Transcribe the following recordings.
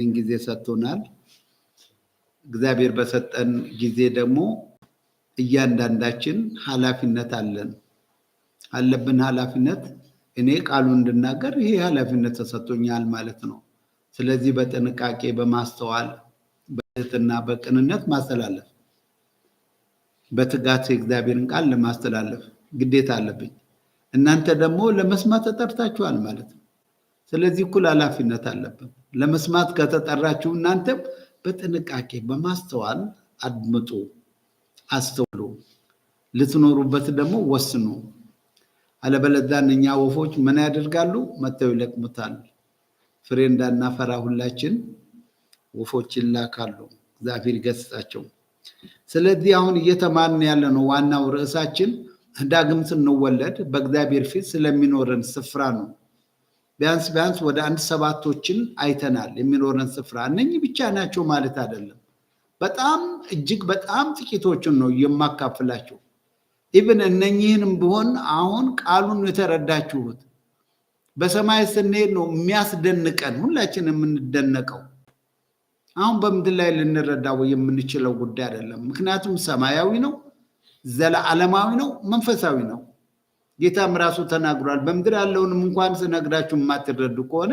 ይህን ጊዜ ሰጥቶናል። እግዚአብሔር በሰጠን ጊዜ ደግሞ እያንዳንዳችን ኃላፊነት አለን አለብን። ኃላፊነት እኔ ቃሉ እንድናገር ይሄ ኃላፊነት ተሰጥቶኛል ማለት ነው። ስለዚህ በጥንቃቄ በማስተዋል በትህትና በቅንነት ማስተላለፍ በትጋት የእግዚአብሔርን ቃል ለማስተላለፍ ግዴታ አለብኝ። እናንተ ደግሞ ለመስማት ተጠርታችኋል ማለት ነው። ስለዚህ እኩል ኃላፊነት አለብን። ለመስማት ከተጠራችሁ እናንተም በጥንቃቄ በማስተዋል አድምጡ፣ አስተውሉ። ልትኖሩበት ደግሞ ወስኑ። አለበለዚያ እኛ ወፎች ምን ያደርጋሉ? መጥተው ይለቅሙታል። ፍሬ እንዳናፈራ ሁላችን ወፎችን ላካሉ። እግዚአብሔር ይገስጻቸው። ስለዚህ አሁን እየተማርን ያለ ነው። ዋናው ርዕሳችን ዳግም ስንወለድ በእግዚአብሔር ፊት ስለሚኖረን ስፍራ ነው። ቢያንስ ቢያንስ ወደ አንድ ሰባቶችን አይተናል። የሚኖረን ስፍራ እነኚህ ብቻ ናቸው ማለት አይደለም። በጣም እጅግ በጣም ጥቂቶችን ነው የማካፍላቸው። ኢብን እነኚህንም ቢሆን አሁን ቃሉን የተረዳችሁት በሰማይ ስንሄድ ነው የሚያስደንቀን፣ ሁላችን የምንደነቀው አሁን በምድር ላይ ልንረዳው የምንችለው ጉዳይ አይደለም። ምክንያቱም ሰማያዊ ነው፣ ዘለዓለማዊ ነው፣ መንፈሳዊ ነው። ጌታም ራሱ ተናግሯል። በምድር ያለውንም እንኳን ስነግራችሁ የማትረዱ ከሆነ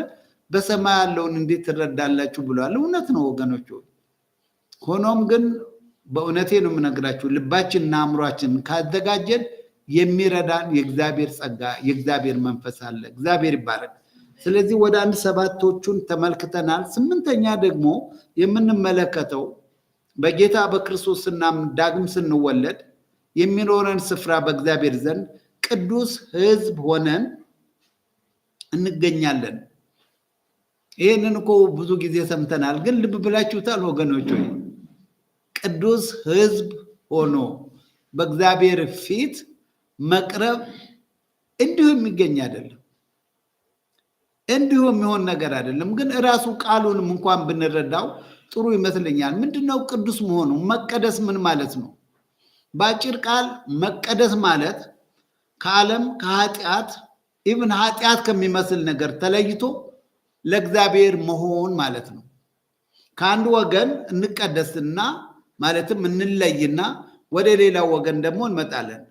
በሰማይ ያለውን እንዴት ትረዳላችሁ ብሏል። እውነት ነው ወገኖች። ሆኖም ግን በእውነቴ ነው የምነግራችሁ ልባችንና አእምሯችን ካዘጋጀን የሚረዳን የእግዚአብሔር ጸጋ የእግዚአብሔር መንፈስ አለ። እግዚአብሔር ይባላል። ስለዚህ ወደ አንድ ሰባቶቹን ተመልክተናል። ስምንተኛ ደግሞ የምንመለከተው በጌታ በክርስቶስ ዳግም ስንወለድ የሚኖረን ስፍራ በእግዚአብሔር ዘንድ ቅዱስ ህዝብ ሆነን እንገኛለን። ይህንን እኮ ብዙ ጊዜ ሰምተናል፣ ግን ልብ ብላችሁታል ወገኖች? ወይ ቅዱስ ሕዝብ ሆኖ በእግዚአብሔር ፊት መቅረብ እንዲሁ የሚገኝ አይደለም፣ እንዲሁ የሚሆን ነገር አይደለም። ግን እራሱ ቃሉንም እንኳን ብንረዳው ጥሩ ይመስለኛል። ምንድነው ቅዱስ መሆኑ? መቀደስ ምን ማለት ነው? በአጭር ቃል መቀደስ ማለት ከዓለም ከኃጢአት ኢብን ኃጢአት ከሚመስል ነገር ተለይቶ ለእግዚአብሔር መሆን ማለት ነው። ከአንድ ወገን እንቀደስና ማለትም እንለይና ወደ ሌላው ወገን ደግሞ እንመጣለን።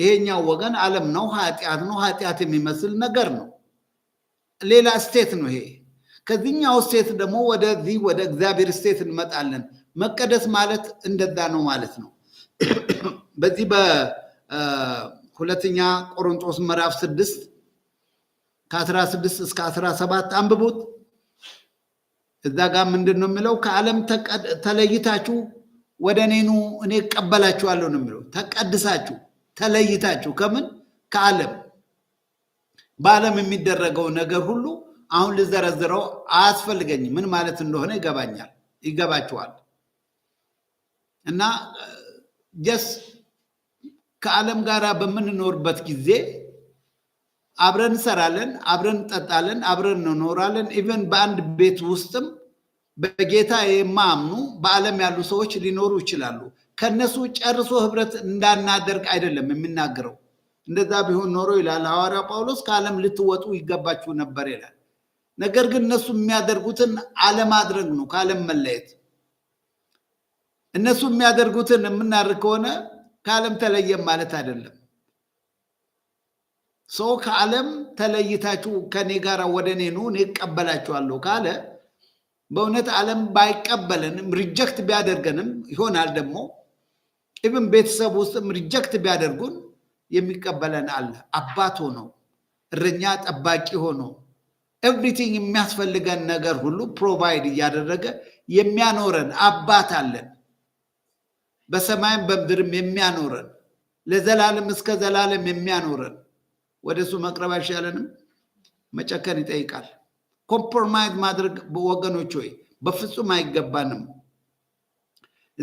ይሄኛው ወገን ዓለም ነው፣ ኃጢአት ነው፣ ኃጢአት የሚመስል ነገር ነው። ሌላ ስቴት ነው ይሄ። ከዚህኛው ስቴት ደግሞ ወደዚህ ወደ እግዚአብሔር ስቴት እንመጣለን። መቀደስ ማለት እንደዛ ነው ማለት ነው። በዚህ ሁለተኛ ቆሮንቶስ ምዕራፍ ስድስት ከአስራ ስድስት እስከ አስራ ሰባት አንብቡት። እዛ ጋር ምንድን ነው የሚለው? ከዓለም ተለይታችሁ ወደ እኔኑ እኔ እቀበላችኋለሁ ነው የሚለው። ተቀድሳችሁ ተለይታችሁ ከምን ከዓለም በዓለም የሚደረገው ነገር ሁሉ አሁን ልዘረዝረው አያስፈልገኝም። ምን ማለት እንደሆነ ይገባኛል፣ ይገባችኋል እና ጀስ ከዓለም ጋር በምንኖርበት ጊዜ አብረን እንሰራለን፣ አብረን እንጠጣለን፣ አብረን እንኖራለን። ኢቨን በአንድ ቤት ውስጥም በጌታ የማያምኑ በዓለም ያሉ ሰዎች ሊኖሩ ይችላሉ። ከነሱ ጨርሶ ህብረት እንዳናደርግ አይደለም የሚናገረው። እንደዛ ቢሆን ኖሮ ይላል ሐዋርያ ጳውሎስ ከዓለም ልትወጡ ይገባችሁ ነበር ይላል። ነገር ግን እነሱ የሚያደርጉትን አለማድረግ ነው፣ ከዓለም መለየት። እነሱ የሚያደርጉትን የምናደርግ ከሆነ ከዓለም ተለየም ማለት አይደለም። ሰው ከዓለም ተለይታችሁ ከኔ ጋር ወደ እኔ ኑ እኔ እቀበላችኋለሁ ካለ በእውነት ዓለም ባይቀበለንም ሪጀክት ቢያደርገንም ይሆናል ደግሞ ኢብን ቤተሰብ ውስጥም ሪጀክት ቢያደርጉን የሚቀበለን አለ። አባት ሆኖ እረኛ ጠባቂ ሆኖ ኤቭሪቲንግ የሚያስፈልገን ነገር ሁሉ ፕሮቫይድ እያደረገ የሚያኖረን አባት አለን። በሰማይም በምድርም የሚያኖረን ለዘላለም እስከ ዘላለም የሚያኖረን ወደ እሱ መቅረብ አይሻለንም? መጨከን ይጠይቃል። ኮምፕሮማይዝ ማድረግ ወገኖች ሆይ በፍጹም አይገባንም።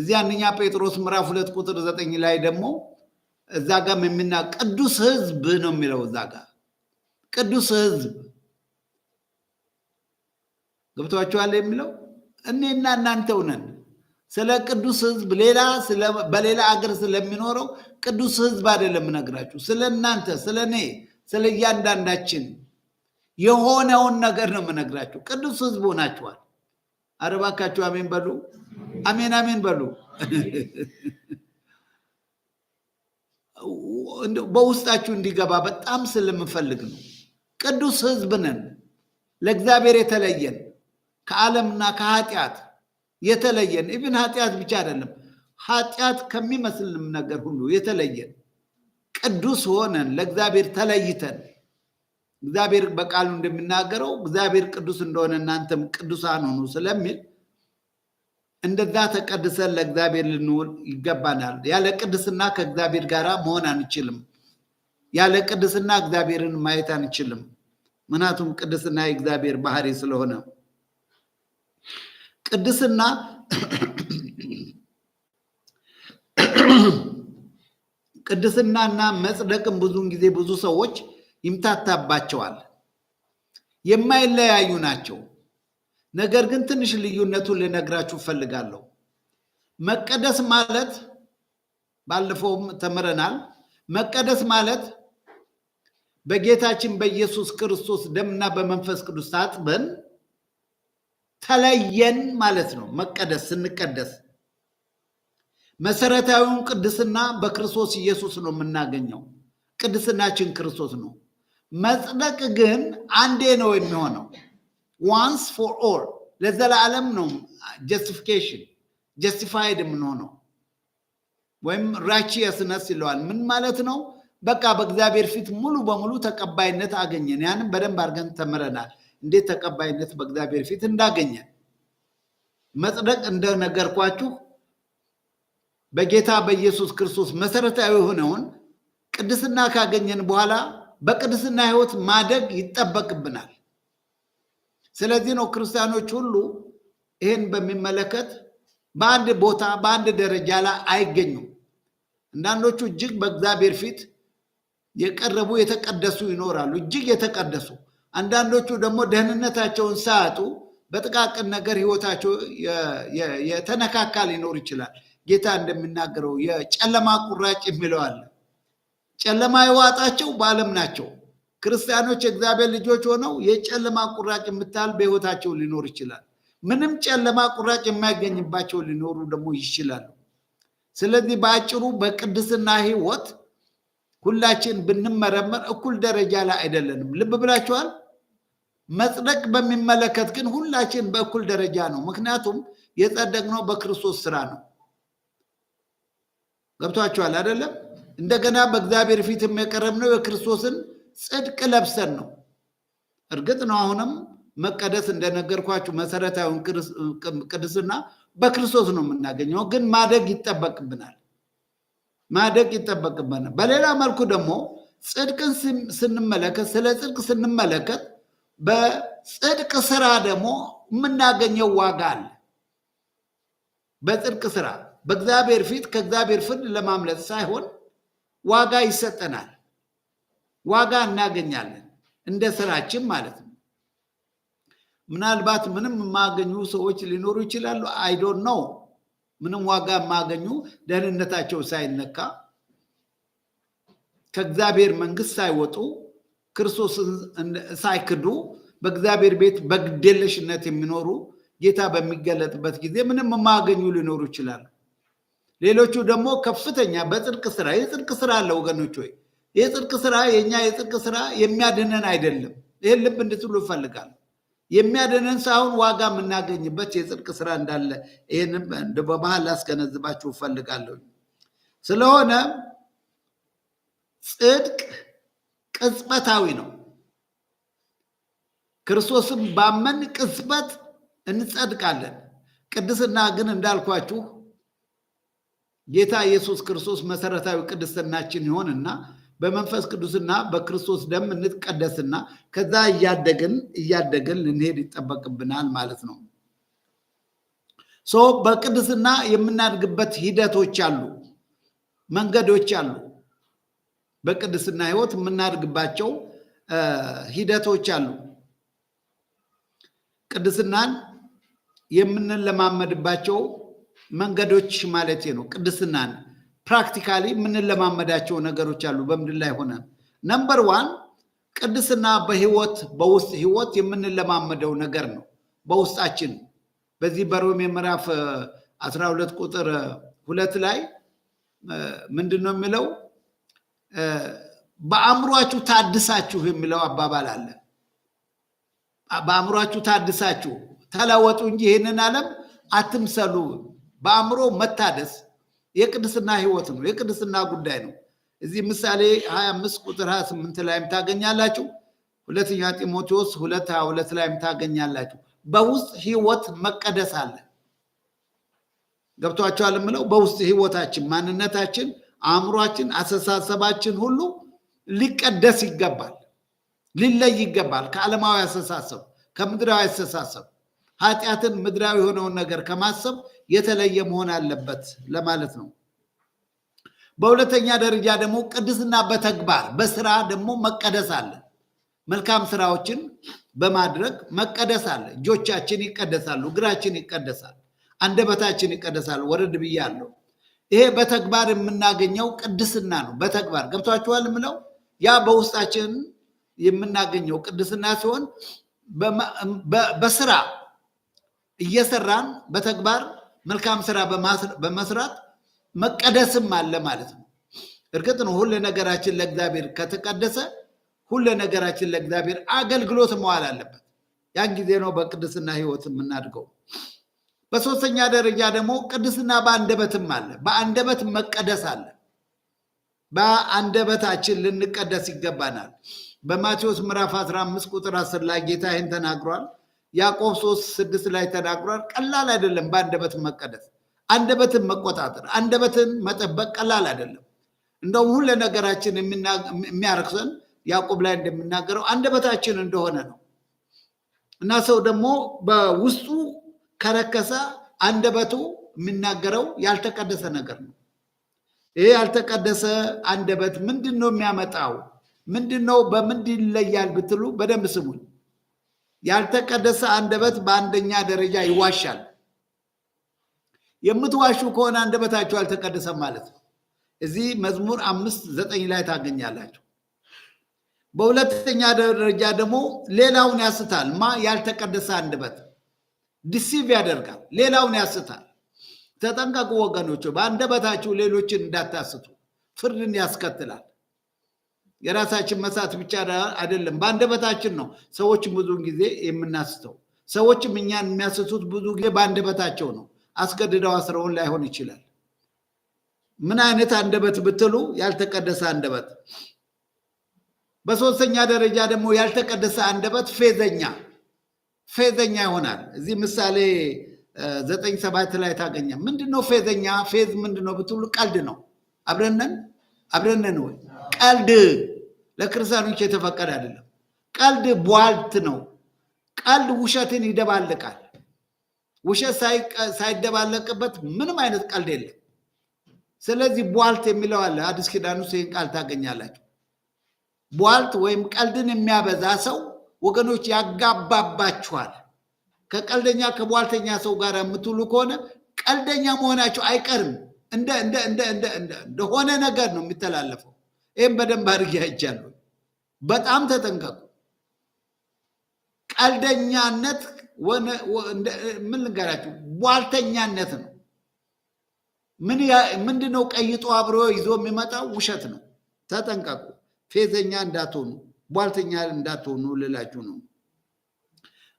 እዚህ አንደኛ ጴጥሮስ ምዕራፍ ሁለት ቁጥር ዘጠኝ ላይ ደግሞ እዛ ጋም የምና ቅዱስ ሕዝብ ነው የሚለው እዛ ጋ ቅዱስ ሕዝብ ገብቷችኋል የሚለው እኔና እናንተው ነን። ስለ ቅዱስ ህዝብ ሌላ በሌላ አገር ስለሚኖረው ቅዱስ ህዝብ አይደለም ነግራችሁ፣ ስለ እናንተ፣ ስለ እኔ፣ ስለ እያንዳንዳችን የሆነውን ነገር ነው የምነግራችሁ። ቅዱስ ህዝብ ሆናችኋል። አረ አሜን በሉ። አሜን አሜን በሉ። በውስጣችሁ እንዲገባ በጣም ስለምፈልግ ነው። ቅዱስ ሕዝብ ነን፣ ለእግዚአብሔር የተለየን ከዓለምና ከኃጢአት የተለየን ኢብን ኃጢአት ብቻ አይደለም፣ ኃጢአት ከሚመስልንም ነገር ሁሉ የተለየን ቅዱስ ሆነን ለእግዚአብሔር ተለይተን እግዚአብሔር በቃሉ እንደሚናገረው እግዚአብሔር ቅዱስ እንደሆነ እናንተም ቅዱሳን ሆኑ ስለሚል እንደዛ ተቀድሰን ለእግዚአብሔር ልንውል ይገባናል። ያለ ቅድስና ከእግዚአብሔር ጋር መሆን አንችልም። ያለ ቅድስና እግዚአብሔርን ማየት አንችልም። ምክንያቱም ቅድስና የእግዚአብሔር ባህሪ ስለሆነ ቅድስና ቅድስናና መጽደቅም ብዙውን ጊዜ ብዙ ሰዎች ይምታታባቸዋል። የማይለያዩ ናቸው። ነገር ግን ትንሽ ልዩነቱን ልነግራችሁ እፈልጋለሁ። መቀደስ ማለት ባለፈውም ተምረናል። መቀደስ ማለት በጌታችን በኢየሱስ ክርስቶስ ደምና በመንፈስ ቅዱስ ታጥበን ተለየን ማለት ነው። መቀደስ ስንቀደስ መሰረታዊውን ቅድስና በክርስቶስ ኢየሱስ ነው የምናገኘው። ቅድስናችን ክርስቶስ ነው። መጽደቅ ግን አንዴ ነው የሚሆነው፣ ዋንስ ፎር ኦል ለዘላለም ነው። ጀስቲፊኬሽን ጀስቲፋይድ የምንሆነው ወይም ራቺየስነስ ይለዋል። ምን ማለት ነው? በቃ በእግዚአብሔር ፊት ሙሉ በሙሉ ተቀባይነት አገኘን። ያንም በደንብ አድርገን ተምረናል። እንዴት ተቀባይነት በእግዚአብሔር ፊት እንዳገኘ መጽደቅ እንደነገርኳችሁ በጌታ በኢየሱስ ክርስቶስ መሰረታዊ የሆነውን ቅድስና ካገኘን በኋላ በቅድስና ሕይወት ማደግ ይጠበቅብናል። ስለዚህ ነው ክርስቲያኖች ሁሉ ይህን በሚመለከት በአንድ ቦታ በአንድ ደረጃ ላይ አይገኙም። አንዳንዶቹ እጅግ በእግዚአብሔር ፊት የቀረቡ የተቀደሱ ይኖራሉ፣ እጅግ የተቀደሱ አንዳንዶቹ ደግሞ ደህንነታቸውን ሳያጡ በጥቃቅን ነገር ህይወታቸው የተነካካ ሊኖር ይችላል። ጌታ እንደሚናገረው የጨለማ ቁራጭ የሚለው አለ። ጨለማ የዋጣቸው በዓለም ናቸው። ክርስቲያኖች የእግዚአብሔር ልጆች ሆነው የጨለማ ቁራጭ የምታል በህይወታቸው ሊኖር ይችላል። ምንም ጨለማ ቁራጭ የማይገኝባቸው ሊኖሩ ደግሞ ይችላሉ። ስለዚህ በአጭሩ በቅድስና ህይወት ሁላችን ብንመረመር እኩል ደረጃ ላይ አይደለንም። ልብ ብላችኋል። መጽደቅ በሚመለከት ግን ሁላችን በእኩል ደረጃ ነው። ምክንያቱም የጸደቅነው በክርስቶስ ስራ ነው። ገብቷችኋል አይደለም? እንደገና በእግዚአብሔር ፊት የቀረብነው የክርስቶስን ጽድቅ ለብሰን ነው። እርግጥ ነው አሁንም መቀደስ እንደነገርኳችሁ መሰረታዊውን ቅድስና በክርስቶስ ነው የምናገኘው። ግን ማደግ ይጠበቅብናል፣ ማደግ ይጠበቅብናል። በሌላ መልኩ ደግሞ ጽድቅን ስንመለከት ስለ ጽድቅ ስንመለከት በጽድቅ ስራ ደግሞ የምናገኘው ዋጋ አለ። በጽድቅ ስራ በእግዚአብሔር ፊት ከእግዚአብሔር ፍርድ ለማምለጥ ሳይሆን ዋጋ ይሰጠናል፣ ዋጋ እናገኛለን፣ እንደ ስራችን ማለት ነው። ምናልባት ምንም የማያገኙ ሰዎች ሊኖሩ ይችላሉ። አይዶን ነው ምንም ዋጋ የማያገኙ ደህንነታቸው ሳይነካ ከእግዚአብሔር መንግስት ሳይወጡ ክርስቶስን ሳይክዱ በእግዚአብሔር ቤት በግዴለሽነት የሚኖሩ ጌታ በሚገለጥበት ጊዜ ምንም የማያገኙ ሊኖሩ ይችላሉ። ሌሎቹ ደግሞ ከፍተኛ በጽድቅ ስራ የጽድቅ ስራ አለ ወገኖች፣ ወይ የጽድቅ ስራ የእኛ የጽድቅ ስራ የሚያድነን አይደለም። ይህን ልብ እንድትሉ ይፈልጋል። የሚያድነን ሳይሆን ዋጋ የምናገኝበት የጽድቅ ስራ እንዳለ ይህን በመሀል ላስገነዝባችሁ እፈልጋለሁ። ስለሆነ ጽድቅ ቅጽበታዊ ነው። ክርስቶስም ባመን ቅጽበት እንጸድቃለን። ቅድስና ግን እንዳልኳችሁ ጌታ ኢየሱስ ክርስቶስ መሰረታዊ ቅድስናችን ይሆንና በመንፈስ ቅዱስና በክርስቶስ ደም እንቀደስና ከዛ እያደግን እያደግን ልንሄድ ይጠበቅብናል ማለት ነው። ሰው በቅድስና የምናድግበት ሂደቶች አሉ፣ መንገዶች አሉ። በቅድስና ህይወት የምናድግባቸው ሂደቶች አሉ። ቅድስናን የምንለማመድባቸው መንገዶች ማለት ነው። ቅድስናን ፕራክቲካሊ የምንለማመዳቸው ነገሮች አሉ በምድር ላይ ሆነ። ነምበር ዋን ቅድስና በህይወት በውስጥ ህይወት የምንለማመደው ነገር ነው። በውስጣችን በዚህ በሮሜ ምዕራፍ 12 ቁጥር ሁለት ላይ ምንድን ነው የሚለው? በአእምሯችሁ ታድሳችሁ የሚለው አባባል አለ። በአእምሯችሁ ታድሳችሁ ተለወጡ እንጂ ይህንን ዓለም አትምሰሉ። በአእምሮ መታደስ የቅድስና ህይወት ነው፣ የቅድስና ጉዳይ ነው። እዚህ ምሳሌ 25 ቁጥር 28 ላይም ታገኛላችሁ። ሁለተኛ ጢሞቴዎስ 222 ላይም ታገኛላችሁ። በውስጥ ህይወት መቀደስ አለ። ገብቷቸዋል የምለው በውስጥ ህይወታችን ማንነታችን አእምሯችን፣ አስተሳሰባችን ሁሉ ሊቀደስ ይገባል፣ ሊለይ ይገባል ከዓለማዊ አስተሳሰብ፣ ከምድራዊ አስተሳሰብ ኃጢአትን፣ ምድራዊ የሆነውን ነገር ከማሰብ የተለየ መሆን አለበት ለማለት ነው። በሁለተኛ ደረጃ ደግሞ ቅድስና በተግባር በስራ ደግሞ መቀደስ አለ። መልካም ስራዎችን በማድረግ መቀደስ አለ። እጆቻችን ይቀደሳሉ፣ እግራችን ይቀደሳል፣ አንደበታችን ይቀደሳል። ወረድ ብያለሁ። ይሄ በተግባር የምናገኘው ቅድስና ነው። በተግባር ገብቷችኋል ምለው ያ በውስጣችን የምናገኘው ቅድስና ሲሆን በስራ እየሰራን በተግባር መልካም ስራ በመስራት መቀደስም አለ ማለት ነው። እርግጥ ነው ሁሉ ነገራችን ለእግዚአብሔር ከተቀደሰ ሁሉ ነገራችን ለእግዚአብሔር አገልግሎት መዋል አለበት። ያን ጊዜ ነው በቅድስና ህይወት የምናድገው። በሶስተኛ ደረጃ ደግሞ ቅድስና በአንደበትም አለ። በአንደበት መቀደስ አለ። በአንደበታችን ልንቀደስ ይገባናል። በማቴዎስ ምዕራፍ 15 ቁጥር 10 ላይ ጌታ ይህን ተናግሯል። ያዕቆብ 3 6 ላይ ተናግሯል። ቀላል አይደለም። በአንደበት መቀደስ፣ አንደበትን መቆጣጠር፣ አንደበትን መጠበቅ ቀላል አይደለም። እንደውም ሁሉ ነገራችን የሚያረክሰን ያዕቆብ ላይ እንደሚናገረው አንደበታችን እንደሆነ ነው እና ሰው ደግሞ በውስጡ ከረከሰ አንደበቱ የሚናገረው ያልተቀደሰ ነገር ነው። ይህ ያልተቀደሰ አንደበት ምንድን ነው የሚያመጣው? ምንድን ነው በምንድን ይለያል ብትሉ በደንብ ስሙኝ። ያልተቀደሰ አንደበት በአንደኛ ደረጃ ይዋሻል። የምትዋሹ ከሆነ አንደበታችሁ አልተቀደሰም ማለት ነው። እዚህ መዝሙር አምስት ዘጠኝ ላይ ታገኛላችሁ። በሁለተኛ ደረጃ ደግሞ ሌላውን ያስታል ማ ያልተቀደሰ አንደበት ዲሲቭ ያደርጋል፣ ሌላውን ያስታል። ተጠንቀቁ ወገኖች፣ በአንደበታችሁ ሌሎችን እንዳታስቱ። ፍርድን ያስከትላል። የራሳችን መሳት ብቻ አይደለም፣ በአንደበታችን ነው ሰዎችን ብዙን ጊዜ የምናስተው። ሰዎችም እኛን የሚያስቱት ብዙ ጊዜ በአንደበታቸው ነው። አስገድደው አስረውን ላይሆን ይችላል። ምን አይነት አንደበት ብትሉ ያልተቀደሰ አንደበት። በሶስተኛ ደረጃ ደግሞ ያልተቀደሰ አንደበት ፌዘኛ ፌዘኛ ይሆናል። እዚህ ምሳሌ ዘጠኝ ሰባት ላይ ታገኘ ምንድን ነው ፌዘኛ? ፌዝ ምንድን ነው ብትሉ ቀልድ ነው። አብረነን አብረነን ወይ ቀልድ ለክርስቲያኖች የተፈቀደ አይደለም። ቀልድ ቧልት ነው። ቀልድ ውሸትን ይደባልቃል። ውሸት ሳይደባለቅበት ምንም አይነት ቀልድ የለም። ስለዚህ ቧልት የሚለው አለ። አዲስ ኪዳን ውስጥ ይህን ቃል ታገኛላችሁ። ቧልት ወይም ቀልድን የሚያበዛ ሰው ወገኖች ያጋባባችኋል። ከቀልደኛ ከቧልተኛ ሰው ጋር የምትውሉ ከሆነ ቀልደኛ መሆናቸው አይቀርም። እንደሆነ ነገር ነው የሚተላለፈው። ይህም በደንብ አድርጌ አይቻለሁ። በጣም ተጠንቀቁ። ቀልደኛነት ምን ልንገራችሁ፣ ቧልተኛነት ነው። ምንድነው? ቀይጦ አብሮ ይዞ የሚመጣው ውሸት ነው። ተጠንቀቁ፣ ፌዘኛ እንዳትሆኑ። ቧልተኛ እንዳትሆኑ ልላችሁ ነው።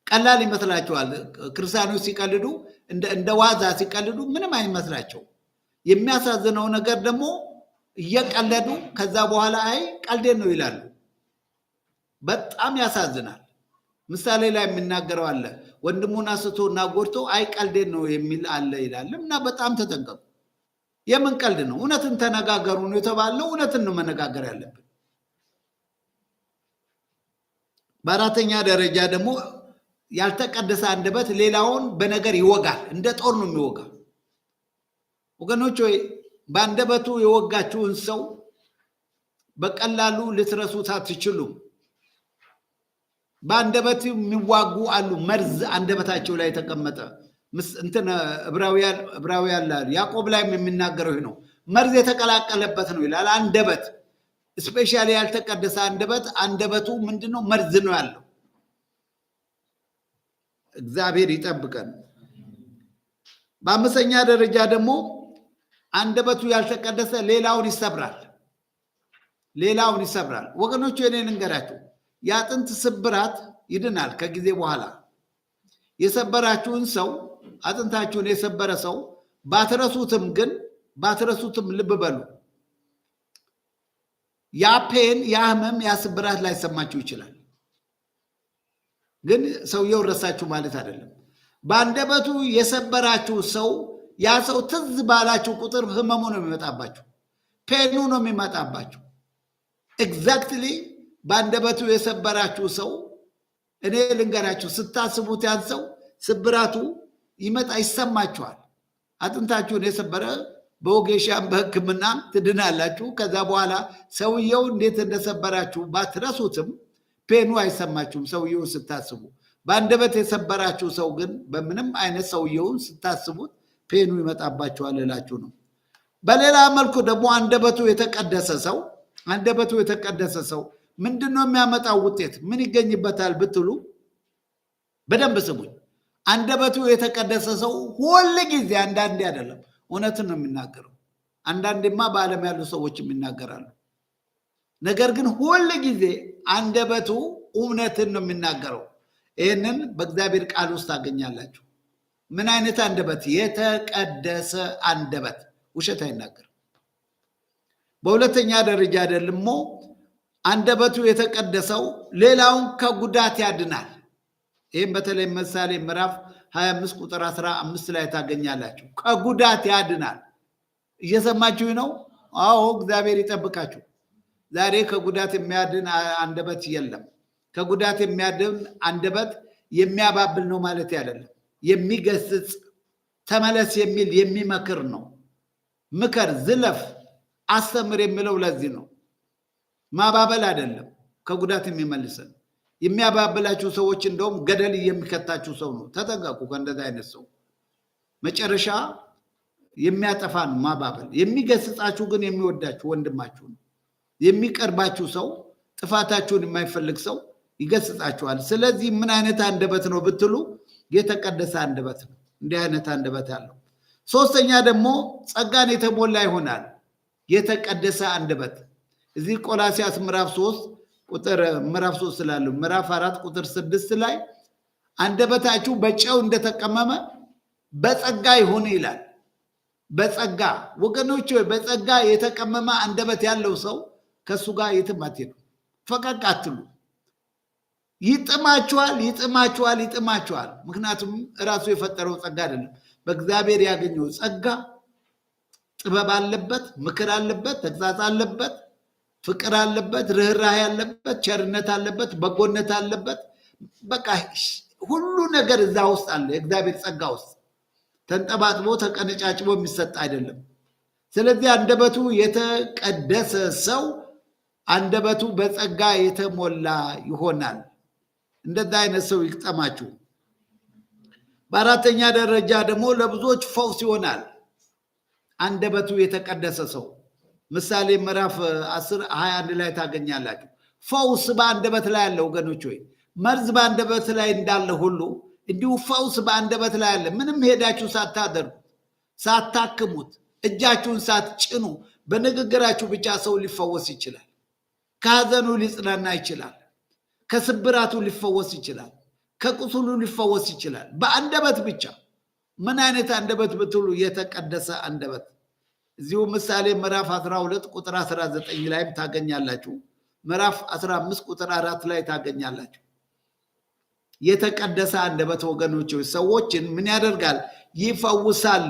ቀላል ይመስላቸዋል። ክርስቲያኖች ሲቀልዱ እንደ ዋዛ ሲቀልዱ ምንም አይመስላቸው። የሚያሳዝነው ነገር ደግሞ እየቀለዱ ከዛ በኋላ አይ ቀልዴን ነው ይላሉ። በጣም ያሳዝናል። ምሳሌ ላይ የሚናገረው አለ። ወንድሙን አስቶ እና ጎድቶ አይ ቀልዴን ነው የሚል አለ ይላል። እና በጣም ተጠንቀቁ። የምን ቀልድ ነው? እውነትን ተነጋገሩ ነው የተባለው። እውነትን ነው መነጋገር ያለብን። በአራተኛ ደረጃ ደግሞ ያልተቀደሰ አንደበት ሌላውን በነገር ይወጋል፣ እንደ ጦር ነው የሚወጋ። ወገኖች ወይ በአንደበቱ የወጋችሁን ሰው በቀላሉ ልትረሱት አትችሉም። በአንደበት የሚዋጉ አሉ። መርዝ አንደበታቸው ላይ ተቀመጠ እንትን ዕብራውያን ያዕቆብ ላይም የሚናገረው ነው። መርዝ የተቀላቀለበት ነው ይላል አንደበት ስፔሻሊ ያልተቀደሰ አንደበት አንደበቱ ምንድነው? መርዝ ነው ያለው። እግዚአብሔር ይጠብቀን። በአምስተኛ ደረጃ ደግሞ አንደበቱ ያልተቀደሰ ሌላውን ይሰብራል፣ ሌላውን ይሰብራል። ወገኖቹ የኔን ልንገራችሁ፣ የአጥንት ስብራት ይድናል ከጊዜ በኋላ። የሰበራችሁን ሰው አጥንታችሁን የሰበረ ሰው ባትረሱትም፣ ግን ባትረሱትም ልብ በሉ ያ ፔን ያ ህመም ያ ስብራት ላይሰማችሁ ይችላል። ግን ሰውየው ረሳችሁ ማለት አይደለም። በአንደበቱ የሰበራችሁ ሰው ያ ሰው ትዝ ባላችሁ ቁጥር ህመሙ ነው የሚመጣባችሁ፣ ፔኑ ነው የሚመጣባችሁ። ኤግዛክትሊ በአንደበቱ የሰበራችሁ ሰው እኔ ልንገራችሁ፣ ስታስቡት ያን ሰው ስብራቱ ይመጣ ይሰማችኋል። አጥንታችሁን የሰበረ በወጌሻም በሕክምናም ትድናላችሁ። ከዛ በኋላ ሰውየው እንዴት እንደሰበራችሁ ባትረሱትም ፔኑ አይሰማችሁም። ሰውየውን ስታስቡ በአንደበት የሰበራችሁ ሰው ግን በምንም አይነት ሰውየውን ስታስቡት ፔኑ ይመጣባችኋል እላችሁ ነው። በሌላ መልኩ ደግሞ አንደበቱ የተቀደሰ ሰው አንደበቱ የተቀደሰ ሰው ምንድን ነው የሚያመጣው ውጤት? ምን ይገኝበታል ብትሉ በደንብ ስሙኝ። አንደበቱ የተቀደሰ ሰው ሁል ጊዜ አንዳንዴ አይደለም እውነትን ነው የሚናገረው። አንዳንዴማ በዓለም ያሉ ሰዎችም ይናገራሉ። ነገር ግን ሁል ጊዜ አንደበቱ እውነትን ነው የሚናገረው። ይህንን በእግዚአብሔር ቃል ውስጥ ታገኛላችሁ። ምን አይነት አንደበት? የተቀደሰ አንደበት፣ ውሸት አይናገርም። በሁለተኛ ደረጃ ደግሞ አንደበቱ የተቀደሰው ሌላውን ከጉዳት ያድናል። ይህም በተለይ ምሳሌ ምዕራፍ 25 ቁጥር 15 ላይ ታገኛላችሁ። ከጉዳት ያድናል። እየሰማችሁ ነው? አዎ እግዚአብሔር ይጠብቃችሁ። ዛሬ ከጉዳት የሚያድን አንደበት የለም። ከጉዳት የሚያድን አንደበት የሚያባብል ነው ማለት አይደለም። የሚገስጽ ተመለስ የሚል የሚመክር ነው። ምከር፣ ዝለፍ፣ አስተምር የሚለው ለዚህ ነው። ማባበል አይደለም ከጉዳት የሚመልሰን የሚያባብላችሁ ሰዎች እንደውም ገደል የሚከታችሁ ሰው ነው። ተጠንቀቁ ከእንደዚህ አይነት ሰው መጨረሻ የሚያጠፋ ነው ማባበል። የሚገስጻችሁ ግን የሚወዳችሁ ወንድማችሁ ነው። የሚቀርባችሁ ሰው ጥፋታችሁን የማይፈልግ ሰው ይገስጻችኋል። ስለዚህ ምን አይነት አንደበት ነው ብትሉ የተቀደሰ አንደበት ነው። እንዲህ አይነት አንደበት አለው። ሶስተኛ ደግሞ ጸጋን የተሞላ ይሆናል የተቀደሰ አንደበት እዚህ ቆላሲያስ ምዕራፍ ሶስት ቁጥር ምዕራፍ ሶስት ስላለው ምዕራፍ አራት ቁጥር ስድስት ላይ አንደበታችሁ በጨው እንደተቀመመ በጸጋ ይሁን ይላል። በጸጋ ወገኖች፣ በጸጋ የተቀመመ አንደበት ያለው ሰው ከእሱ ጋር የትም አትሄዱም። ፈቀቅ አትሉ። ይጥማችኋል፣ ይጥማችኋል፣ ይጥማችኋል። ምክንያቱም እራሱ የፈጠረው ጸጋ አይደለም፣ በእግዚአብሔር ያገኘው ጸጋ ጥበብ አለበት፣ ምክር አለበት፣ ተግዛዝ አለበት ፍቅር አለበት፣ ርኅራህ ያለበት፣ ቸርነት አለበት፣ በጎነት አለበት። በቃ ሁሉ ነገር እዛ ውስጥ አለ። የእግዚአብሔር ጸጋ ውስጥ ተንጠባጥቦ ተቀነጫጭቦ የሚሰጥ አይደለም። ስለዚህ አንደበቱ የተቀደሰ ሰው አንደበቱ በጸጋ የተሞላ ይሆናል። እንደዛ አይነት ሰው ይቅጠማችሁ። በአራተኛ ደረጃ ደግሞ ለብዙዎች ፈውስ ይሆናል አንደበቱ የተቀደሰ ሰው ምሳሌ ምዕራፍ አስር 21 ላይ ታገኛላችሁ። ፈውስ በአንደበት ላይ አለ ወገኖች፣ ወይ መርዝ በአንደበት ላይ እንዳለ ሁሉ እንዲሁ ፈውስ በአንደበት ላይ አለ። ምንም ሄዳችሁ ሳታደርጉት ሳታክሙት፣ እጃችሁን ሳትጭኑ በንግግራችሁ ብቻ ሰው ሊፈወስ ይችላል። ከሀዘኑ ሊጽናና ይችላል። ከስብራቱ ሊፈወስ ይችላል። ከቁስሉ ሊፈወስ ይችላል። በአንደበት ብቻ። ምን አይነት አንደበት ብትሉ የተቀደሰ አንደበት እዚሁ ምሳሌ ምዕራፍ 12 ቁጥር 19 ላይም ታገኛላችሁ። ምዕራፍ 15 ቁጥር አራት ላይ ታገኛላችሁ። የተቀደሰ አንደበት ወገኖች ሰዎችን ምን ያደርጋል? ይፈውሳል።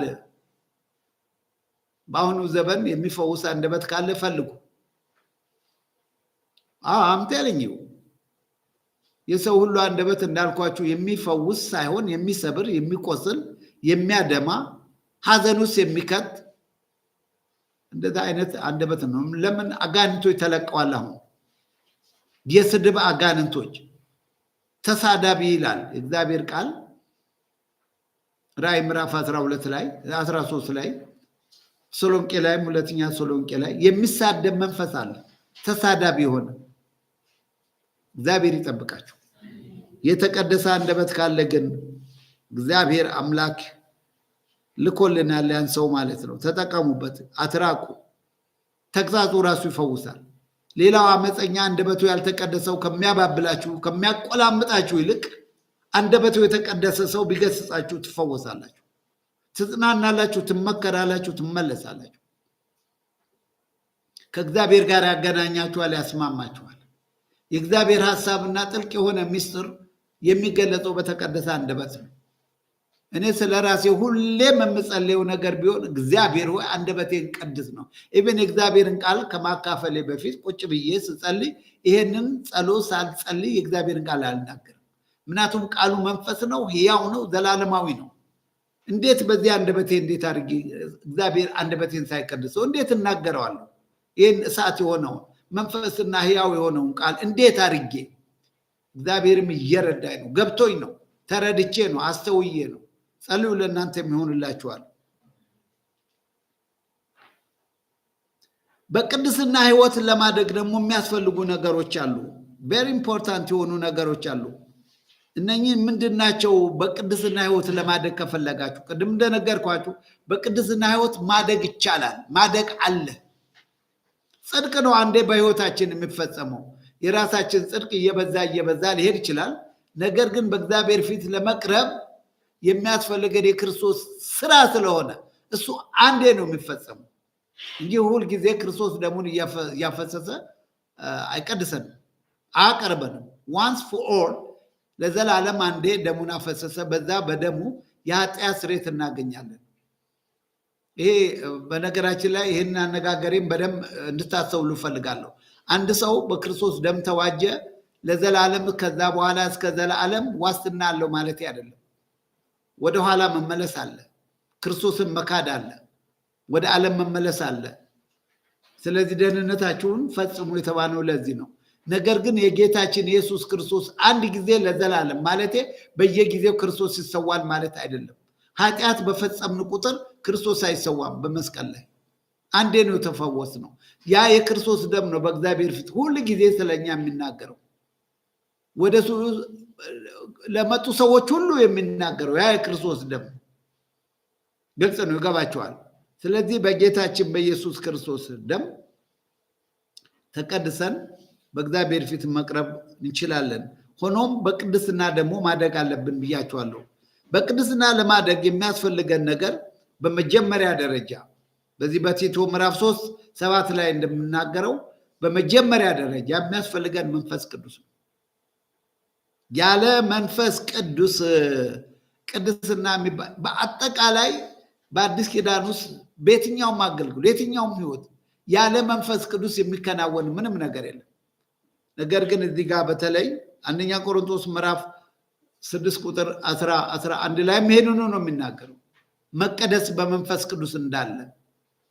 በአሁኑ ዘመን የሚፈውስ አንደበት ካለ ፈልጉ። አምት የሰው ሁሉ አንደበት እንዳልኳችሁ የሚፈውስ ሳይሆን የሚሰብር፣ የሚቆስል፣ የሚያደማ ሀዘኑስ ውስጥ የሚከት እንደዚህ አይነት አንደበት ነው። ለምን አጋንንቶች ተለቀዋል? አሁን የስድብ አጋንንቶች ተሳዳቢ ይላል እግዚአብሔር ቃል ራእይ ምዕራፍ 12 ላይ 13 ላይ ተሰሎንቄ ላይም ሁለተኛ ተሰሎንቄ ላይ የሚሳደብ መንፈስ አለ። ተሳዳቢ የሆነ እግዚአብሔር ይጠብቃቸው። የተቀደሰ አንደበት ካለ ግን እግዚአብሔር አምላክ ልኮልናል ያን ሰው ማለት ነው። ተጠቀሙበት፣ አትራቁ። ተግዛዙ ራሱ ይፈውሳል። ሌላው አመፀኛ አንደበቱ ያልተቀደሰው ከሚያባብላችሁ ከሚያቆላምጣችሁ ይልቅ አንደበቱ የተቀደሰ ሰው ቢገስጻችሁ ትፈወሳላችሁ፣ ትጽናናላችሁ፣ ትመከራላችሁ፣ ትመለሳላችሁ። ከእግዚአብሔር ጋር ያገናኛችኋል፣ ያስማማችኋል። የእግዚአብሔር ሀሳብና ጥልቅ የሆነ ምስጢር የሚገለጸው በተቀደሰ አንደበት ነው። እኔ ስለ ራሴ ሁሌም የምጸልየው ነገር ቢሆን እግዚአብሔር ሆይ አንደበቴን ቀድስ ነው። ኢቨን የእግዚአብሔርን ቃል ከማካፈሌ በፊት ቁጭ ብዬ ስጸልይ ይሄንን ጸሎት ሳልጸልይ የእግዚአብሔርን ቃል አልናገርም። ምክንያቱም ቃሉ መንፈስ ነው፣ ህያው ነው፣ ዘላለማዊ ነው። እንዴት በዚህ አንደበቴ እንዴት አድርጌ እግዚአብሔር አንደበቴን ሳይቀድሰው እንዴት እናገረዋለሁ? ይህን እሳት የሆነውን መንፈስና ህያው የሆነውን ቃል እንዴት አድርጌ እግዚአብሔርም እየረዳኝ ነው፣ ገብቶኝ ነው፣ ተረድቼ ነው፣ አስተውዬ ነው ጸልዩ፣ ለእናንተ የሚሆንላችኋል። በቅድስና ህይወት ለማደግ ደግሞ የሚያስፈልጉ ነገሮች አሉ። ቬሪ ኢምፖርታንት የሆኑ ነገሮች አሉ። እነኚህ ምንድን ናቸው? በቅድስና ህይወት ለማደግ ከፈለጋችሁ ቅድም እንደነገርኳችሁ በቅድስና ህይወት ማደግ ይቻላል። ማደግ አለ። ጽድቅ ነው አንዴ በህይወታችን የሚፈጸመው። የራሳችን ጽድቅ እየበዛ እየበዛ ሊሄድ ይችላል። ነገር ግን በእግዚአብሔር ፊት ለመቅረብ የሚያስፈልገን የክርስቶስ ስራ ስለሆነ እሱ አንዴ ነው የሚፈጸመው እንጂ ሁልጊዜ ክርስቶስ ደሙን እያፈሰሰ አይቀድሰንም፣ አያቀርበንም። ዋንስ ፎር ኦል ለዘላለም አንዴ ደሙን አፈሰሰ። በዛ በደሙ የኃጢአት ስሬት እናገኛለን። ይሄ በነገራችን ላይ ይህንን አነጋገሬም በደንብ እንድታሰውሉ እፈልጋለሁ። አንድ ሰው በክርስቶስ ደም ተዋጀ ለዘላለም ከዛ በኋላ እስከ ዘላለም ዋስትና አለው ማለት አይደለም። ወደ ኋላ መመለስ አለ። ክርስቶስን መካድ አለ። ወደ ዓለም መመለስ አለ። ስለዚህ ደህንነታችሁን ፈጽሙ የተባለው ለዚህ ነው። ነገር ግን የጌታችን ኢየሱስ ክርስቶስ አንድ ጊዜ ለዘላለም ማለቴ በየጊዜው ክርስቶስ ይሰዋል ማለት አይደለም። ኃጢአት በፈጸምን ቁጥር ክርስቶስ አይሰዋም። በመስቀል ላይ አንዴ ነው የተፈወስ ነው። ያ የክርስቶስ ደም ነው በእግዚአብሔር ፊት ሁል ጊዜ ስለኛ የሚናገረው ወደ ለመጡ ሰዎች ሁሉ የሚናገረው ያ የክርስቶስ ደም ግልጽ ነው፣ ይገባቸዋል። ስለዚህ በጌታችን በኢየሱስ ክርስቶስ ደም ተቀድሰን በእግዚአብሔር ፊት መቅረብ እንችላለን። ሆኖም በቅድስና ደግሞ ማደግ አለብን ብያቸዋለሁ። በቅድስና ለማደግ የሚያስፈልገን ነገር በመጀመሪያ ደረጃ በዚህ በቲቶ ምዕራፍ ሶስት ሰባት ላይ እንደምናገረው በመጀመሪያ ደረጃ የሚያስፈልገን መንፈስ ቅዱስ ነው። ያለ መንፈስ ቅዱስ ቅድስና የሚባል በአጠቃላይ በአዲስ ኪዳን ውስጥ በየትኛውም አገልግሎት የትኛውም ህይወት ያለ መንፈስ ቅዱስ የሚከናወን ምንም ነገር የለም። ነገር ግን እዚህ ጋር በተለይ አንደኛ ቆሮንቶስ ምዕራፍ ስድስት ቁጥር አስራ አንድ ላይ መሄዱን ነው የሚናገረው። መቀደስ በመንፈስ ቅዱስ እንዳለ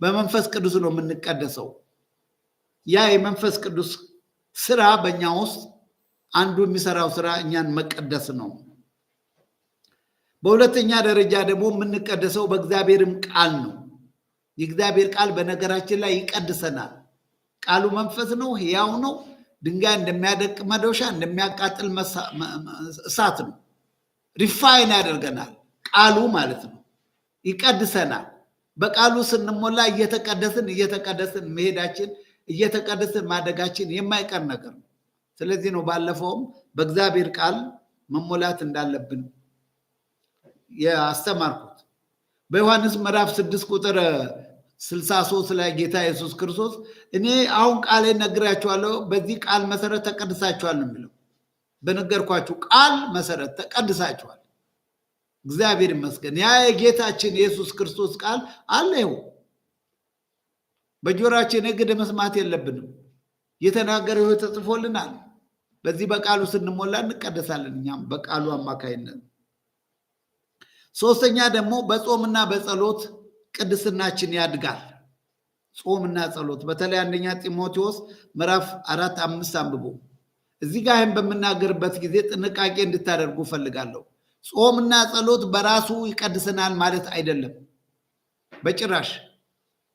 በመንፈስ ቅዱስ ነው የምንቀደሰው። ያ የመንፈስ ቅዱስ ስራ በእኛ ውስጥ አንዱ የሚሰራው ስራ እኛን መቀደስ ነው። በሁለተኛ ደረጃ ደግሞ የምንቀደሰው በእግዚአብሔርም ቃል ነው። የእግዚአብሔር ቃል በነገራችን ላይ ይቀድሰናል። ቃሉ መንፈስ ነው፣ ሕያው ነው። ድንጋይ እንደሚያደቅ መዶሻ፣ እንደሚያቃጥል እሳት ነው። ሪፋይን ያደርገናል ቃሉ ማለት ነው። ይቀድሰናል። በቃሉ ስንሞላ እየተቀደስን እየተቀደስን መሄዳችን እየተቀደስን ማደጋችን የማይቀር ነገር ነው። ስለዚህ ነው ባለፈውም በእግዚአብሔር ቃል መሞላት እንዳለብን አስተማርኩት። በዮሐንስ ምዕራፍ ስድስት ቁጥር ስልሳ ሶስት ላይ ጌታ ኢየሱስ ክርስቶስ እኔ አሁን ቃል ነግራችኋለሁ፣ በዚህ ቃል መሰረት ተቀድሳችኋል ነው የሚለው። በነገርኳችሁ ቃል መሰረት ተቀድሳችኋል። እግዚአብሔር ይመስገን። ያ የጌታችን የኢየሱስ ክርስቶስ ቃል አለ። ይሁ በጆራችን የግድ መስማት የለብንም። የተናገረው ተጽፎልናል። በዚህ በቃሉ ስንሞላ እንቀደሳለን። እኛም በቃሉ አማካይነት። ሶስተኛ ደግሞ በጾምና በጸሎት ቅድስናችን ያድጋል። ጾምና ጸሎት በተለይ አንደኛ ጢሞቴዎስ ምዕራፍ አራት አምስት አንብቦ እዚህ ጋር ይህን በምናገርበት ጊዜ ጥንቃቄ እንድታደርጉ ፈልጋለሁ። ጾምና ጸሎት በራሱ ይቀድሰናል ማለት አይደለም፣ በጭራሽ።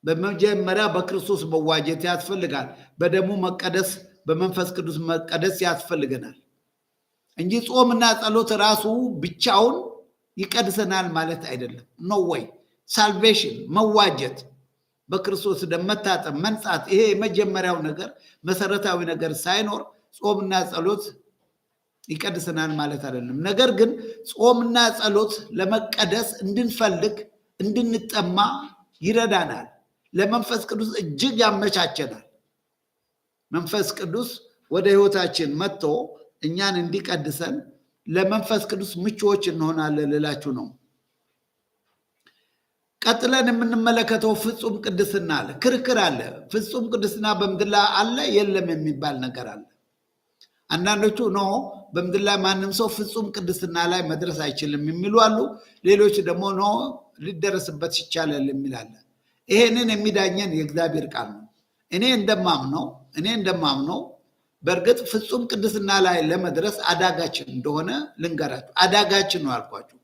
በመጀመሪያ በክርስቶስ መዋጀት ያስፈልጋል፣ በደሙ መቀደስ በመንፈስ ቅዱስ መቀደስ ያስፈልገናል እንጂ ጾምና ጸሎት ራሱ ብቻውን ይቀድሰናል ማለት አይደለም። ኖ ወይ ሳልቬሽን መዋጀት በክርስቶስ ደም መታጠብ፣ መንጻት፣ ይሄ የመጀመሪያው ነገር መሰረታዊ ነገር ሳይኖር ጾምና ጸሎት ይቀድሰናል ማለት አይደለም። ነገር ግን ጾምና ጸሎት ለመቀደስ እንድንፈልግ እንድንጠማ ይረዳናል። ለመንፈስ ቅዱስ እጅግ ያመቻቸናል። መንፈስ ቅዱስ ወደ ህይወታችን መጥቶ እኛን እንዲቀድሰን ለመንፈስ ቅዱስ ምቾች እንሆናለን ልላችሁ ነው። ቀጥለን የምንመለከተው ፍጹም ቅድስና አለ። ክርክር አለ። ፍጹም ቅድስና በምድር ላይ አለ የለም የሚባል ነገር አለ። አንዳንዶቹ ኖ በምድር ላይ ማንም ሰው ፍጹም ቅድስና ላይ መድረስ አይችልም የሚሉ አሉ። ሌሎች ደግሞ ኖ ሊደረስበት ይቻላል የሚል አለ። ይሄንን የሚዳኘን የእግዚአብሔር ቃል ነው። እኔ እንደማምነው እኔ እንደማምነው በእርግጥ ፍጹም ቅድስና ላይ ለመድረስ አዳጋችን እንደሆነ ልንገራችሁ። አዳጋችን ነው አልኳችሁ።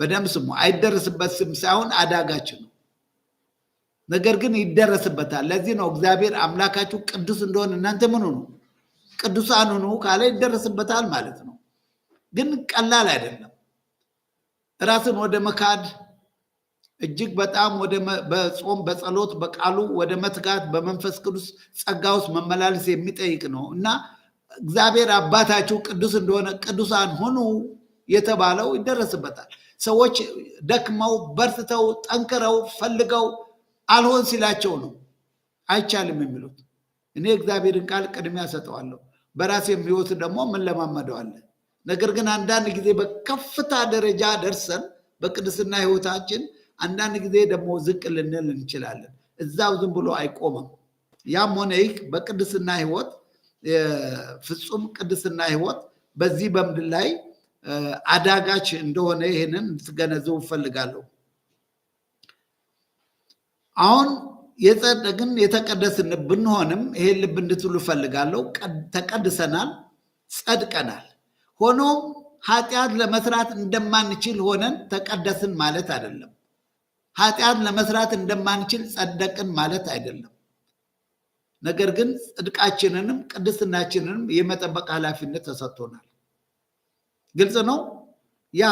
በደንብ ስሙ። አይደረስበት ስም ሳይሆን አዳጋችን ነው። ነገር ግን ይደረስበታል። ለዚህ ነው እግዚአብሔር አምላካችሁ ቅዱስ እንደሆነ እናንተ ምን ሁኑ ቅዱሳን ሁኑ ካለ ይደረስበታል ማለት ነው። ግን ቀላል አይደለም። ራስን ወደ መካድ እጅግ በጣም በጾም በጸሎት በቃሉ ወደ መትጋት በመንፈስ ቅዱስ ጸጋ ውስጥ መመላለስ የሚጠይቅ ነው እና እግዚአብሔር አባታችሁ ቅዱስ እንደሆነ ቅዱሳን ሁኑ የተባለው ይደረስበታል። ሰዎች ደክመው በርትተው ጠንክረው ፈልገው አልሆን ሲላቸው ነው አይቻልም የሚሉት። እኔ እግዚአብሔርን ቃል ቅድሚያ ሰጠዋለሁ። በራሴ የሚወት ደግሞ ምን ለማመደዋለን። ነገር ግን አንዳንድ ጊዜ በከፍታ ደረጃ ደርሰን በቅድስና ህይወታችን አንዳንድ ጊዜ ደግሞ ዝቅ ልንል እንችላለን። እዛው ዝም ብሎ አይቆምም። ያም ሆነ ይህ በቅድስና ህይወት ፍጹም ቅድስና ህይወት በዚህ በምድር ላይ አዳጋች እንደሆነ ይህንን ትገነዘቡ እፈልጋለሁ። አሁን የጸደቅን የተቀደስን ብንሆንም ይሄን ልብ እንድትሉ እፈልጋለሁ። ተቀድሰናል፣ ጸድቀናል። ሆኖም ኃጢአት ለመስራት እንደማንችል ሆነን ተቀደስን ማለት አይደለም። ኃጢአት ለመስራት እንደማንችል ጸደቅን ማለት አይደለም። ነገር ግን ጽድቃችንንም ቅድስናችንንም የመጠበቅ ኃላፊነት ተሰጥቶናል። ግልጽ ነው። ያ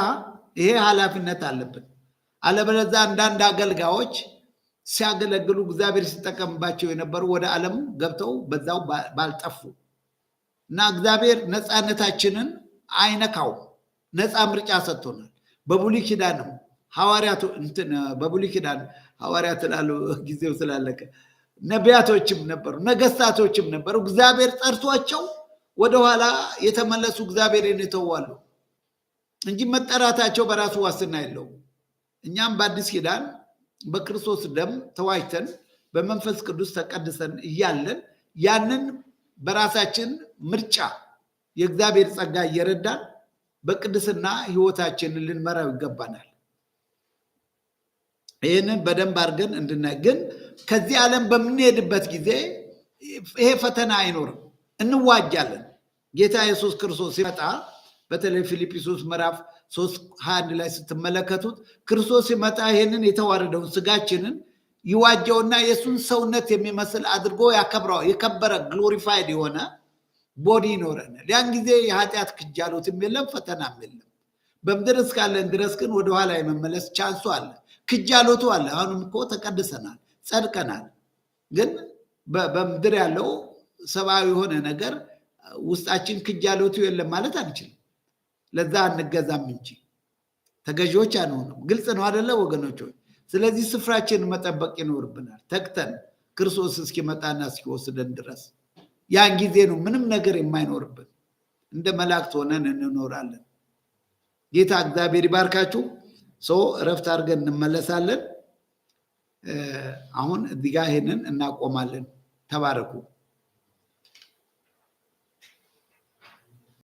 ይሄ ኃላፊነት አለብን። አለበለዛ አንዳንድ አገልጋዮች ሲያገለግሉ እግዚአብሔር ሲጠቀምባቸው የነበሩ ወደ ዓለም ገብተው በዛው ባልጠፉ እና እግዚአብሔር ነፃነታችንን አይነካው። ነፃ ምርጫ ሰጥቶናል። በብሉይ ኪዳንም ሐዋርያቱ በብሉይ ኪዳን ሐዋርያት ላሉ ጊዜው ስላለቀ ነቢያቶችም ነበሩ፣ ነገስታቶችም ነበሩ። እግዚአብሔር ጠርቷቸው ወደኋላ የተመለሱ እግዚአብሔርን የተዋሉ እንጂ መጠራታቸው በራሱ ዋስትና የለውም። እኛም በአዲስ ኪዳን በክርስቶስ ደም ተዋጅተን በመንፈስ ቅዱስ ተቀድሰን እያለን ያንን በራሳችን ምርጫ የእግዚአብሔር ጸጋ እየረዳን በቅድስና ህይወታችንን ልንመራው ይገባናል። ይህንን በደንብ አድርገን እንድናይ ግን ከዚህ ዓለም በምንሄድበት ጊዜ ይሄ ፈተና አይኖርም፣ እንዋጃለን። ጌታ ኢየሱስ ክርስቶስ ሲመጣ በተለይ ፊልጵስዩስ ምዕራፍ ሶስት ሀያ ላይ ስትመለከቱት ክርስቶስ ሲመጣ ይህንን የተዋረደውን ስጋችንን ይዋጀውና የእሱን ሰውነት የሚመስል አድርጎ ያከብረዋል። የከበረ ግሎሪፋይድ የሆነ ቦዲ ይኖረናል። ያን ጊዜ የኃጢአት ክጃሎትም የለም፣ ፈተናም የለም። በምድር እስካለን ድረስ ግን ወደኋላ የመመለስ ቻንሱ አለ። ክጃሎቱ አለ። አሁንም እኮ ተቀድሰናል፣ ጸድቀናል። ግን በምድር ያለው ሰብአዊ የሆነ ነገር ውስጣችን ክጃሎቱ የለም ማለት አንችልም። ለዛ አንገዛም እንጂ ተገዢዎች አንሆንም። ግልጽ ነው አደለ ወገኖች? ስለዚህ ስፍራችን መጠበቅ ይኖርብናል፣ ተግተን ክርስቶስ እስኪመጣና እስኪወስደን ድረስ። ያን ጊዜ ነው ምንም ነገር የማይኖርብን፣ እንደ መላእክት ሆነን እንኖራለን። ጌታ እግዚአብሔር ይባርካችሁ። ሶ እረፍት አድርገን እንመለሳለን። አሁን እዚህ ጋ ይሄንን እናቆማለን። ተባረኩ።